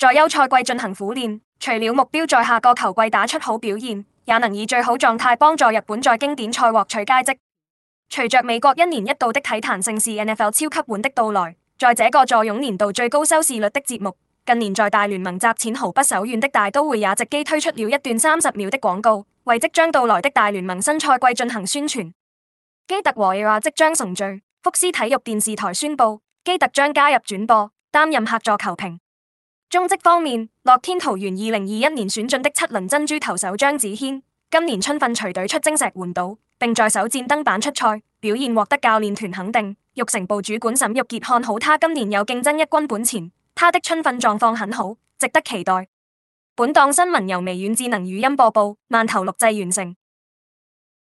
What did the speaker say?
在休賽季進行苦練，除了目標在下個球季打出好表現，也能以最好狀態幫助日本在經典賽獲取佳績。隨着美國一年一度的體壇盛事 NFL 超級碗的到來，在這個坐擁年度最高收視率的節目，近年在大聯盟砸錢毫不手軟的大都會也直機推出了一段三十秒的廣告，為即將到來的大聯盟新賽季進行宣傳。基特和艾亞即將重聚，福斯體育電視台宣佈基特將加入轉播，擔任客座球評。中職方面，樂天桃園二零二一年選進的七輪珍珠投手張子軒，今年春訓隨隊出征石垣島，並在首戰登板出賽，表現獲得教練團肯定。育成部主管沈玉傑看好他今年有競爭一軍本錢，他的春訓狀況很好，值得期待。本檔新聞由微軟智能語音播報，慢頭錄製完成。